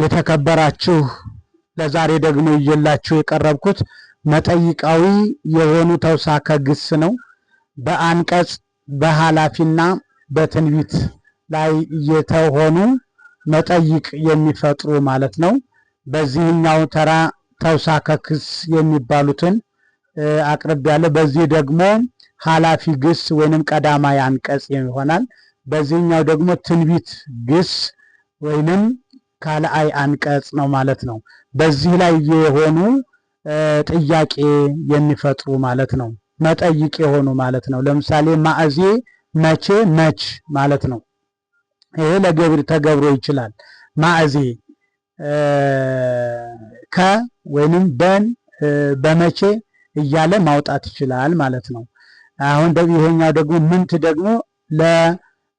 የተከበራችሁ ለዛሬ ደግሞ ይዤላችሁ የቀረብኩት መጠይቃዊ የሆኑ ተውሳከ ግስ ነው። በአንቀጽ በኃላፊና በትንቢት ላይ የተሆኑ መጠይቅ የሚፈጥሩ ማለት ነው። በዚህኛው ተራ ተውሳከ ግስ የሚባሉትን ያለ በዚህ ደግሞ ኃላፊ ግስ ወይንም ቀዳማይ አንቀጽ ይሆናል። በዚህኛው ደግሞ ትንቢት ግስ ወይንም ካለአይ አንቀጽ ነው ማለት ነው። በዚህ ላይ የሆኑ ጥያቄ የሚፈጥሩ ማለት ነው። መጠይቅ የሆኑ ማለት ነው። ለምሳሌ ማዕዜ መቼ መች ማለት ነው። ይሄ ለገብር ተገብሮ ይችላል። ማዕዜ ከ ወይንም በን በመቼ እያለ ማውጣት ይችላል ማለት ነው። አሁን ይሄኛው ደግሞ ምንት ደግሞ ለ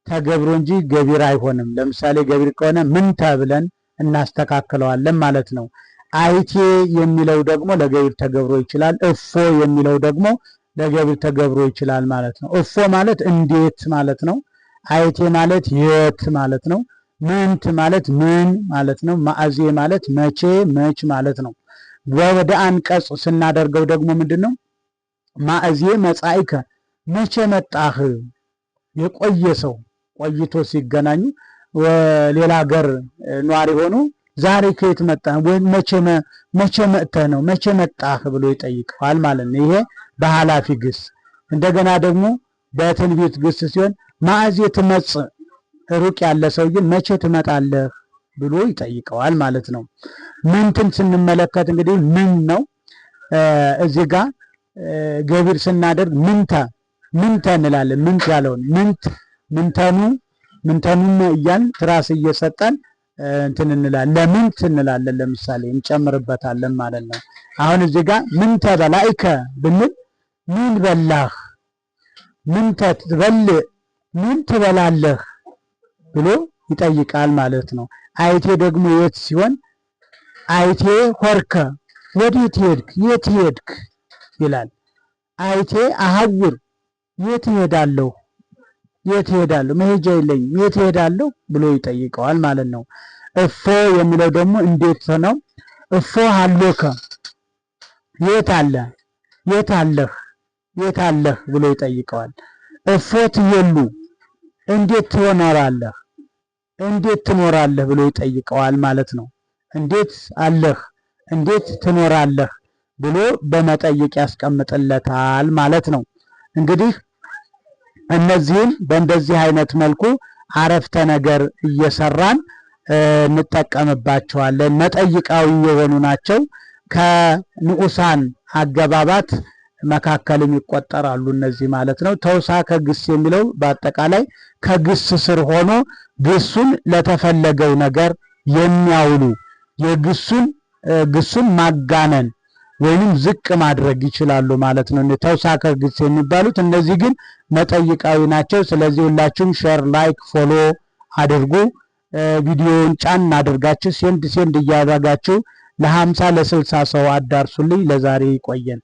ተገብሮ እንጂ ገቢር አይሆንም። ለምሳሌ ገቢር ከሆነ ምን ተብለን እናስተካክለዋለን ማለት ነው። አይቴ የሚለው ደግሞ ለገቢር ተገብሮ ይችላል። እፎ የሚለው ደግሞ ለገቢር ተገብሮ ይችላል ማለት ነው። እፎ ማለት እንዴት ማለት ነው። አይቴ ማለት የት ማለት ነው። ምንት ማለት ምን ማለት ነው። ማዕዜ ማለት መቼ መች ማለት ነው። ወደ አንቀጽ ስናደርገው ደግሞ ምንድን ነው? ማዕዜ መቼ መጣህ የቆየ ሰው ቆይቶ ሲገናኙ ሌላ ሀገር ኗሪ ሆኖ ዛሬ ከየት መጣ ወይም መቼ መጥተህ ነው መቼ መጣህ ብሎ ይጠይቀዋል ማለት ነው። ይሄ በኃላፊ ግስ። እንደገና ደግሞ በትንቢት ግስ ሲሆን ማዕዜ ትመጽእ ሩቅ ያለ ሰውዬ መቼ ትመጣለህ ብሎ ይጠይቀዋል ማለት ነው። ምንትን ስንመለከት እንግዲህ ምን ነው እዚህ ጋር ገቢር ስናደርግ ምንተ ምንተ እንላለን። ምን ያለውን ምንት ምንተኑ ምንተኑና እያል ትራስ እየሰጠን እንትን እንላለን ለምን እንላለን። ለምሳሌ እንጨምርበታለን ማለት ነው። አሁን እዚህ ጋር ምንተ በላይከ ብንል ምን በላህ፣ ምንተ ትበልዕ፣ ምን ትበላለህ ብሎ ይጠይቃል ማለት ነው። አይቴ ደግሞ የት ሲሆን አይቴ ሆርከ ወዴት ሄድክ፣ የት ሄድክ ይላል። አይቴ አሐውር የት ሄዳለሁ የት እሄዳለሁ? መሄጃ የለኝም፣ የት እሄዳለሁ ብሎ ይጠይቀዋል ማለት ነው። እፎ የሚለው ደግሞ እንዴት ነው? እፎ ሀሎከ የት አለ፣ የት አለህ፣ የት አለህ ብሎ ይጠይቀዋል። እፎ ትየሉ እንዴት ትኖራለህ፣ እንዴት ትኖራለህ ብሎ ይጠይቀዋል ማለት ነው። እንዴት አለህ፣ እንዴት ትኖራለህ ብሎ በመጠየቅ ያስቀምጥለታል ማለት ነው እንግዲህ እነዚህን በእንደዚህ አይነት መልኩ አረፍተ ነገር እየሰራን እንጠቀምባቸዋለን። መጠይቃዊ የሆኑ ናቸው። ከንዑሳን አገባባት መካከልም ይቆጠራሉ እነዚህ ማለት ነው። ተውሳ ከግስ የሚለው በአጠቃላይ ከግስ ስር ሆኖ ግሱን ለተፈለገው ነገር የሚያውሉ የግሱን ግሱን ማጋነን ወይም ዝቅ ማድረግ ይችላሉ ማለት ነው። ተውሳከ ግስ የሚባሉት እነዚህ ግን መጠይቃዊ ናቸው። ስለዚህ ሁላችሁም ሸር፣ ላይክ፣ ፎሎ አድርጉ። ቪዲዮውን ጫን አድርጋችሁ ሴንድ ሴንድ እያደረጋችሁ ለሀምሳ ለስልሳ ሰው አዳርሱልኝ። ለዛሬ ይቆየን።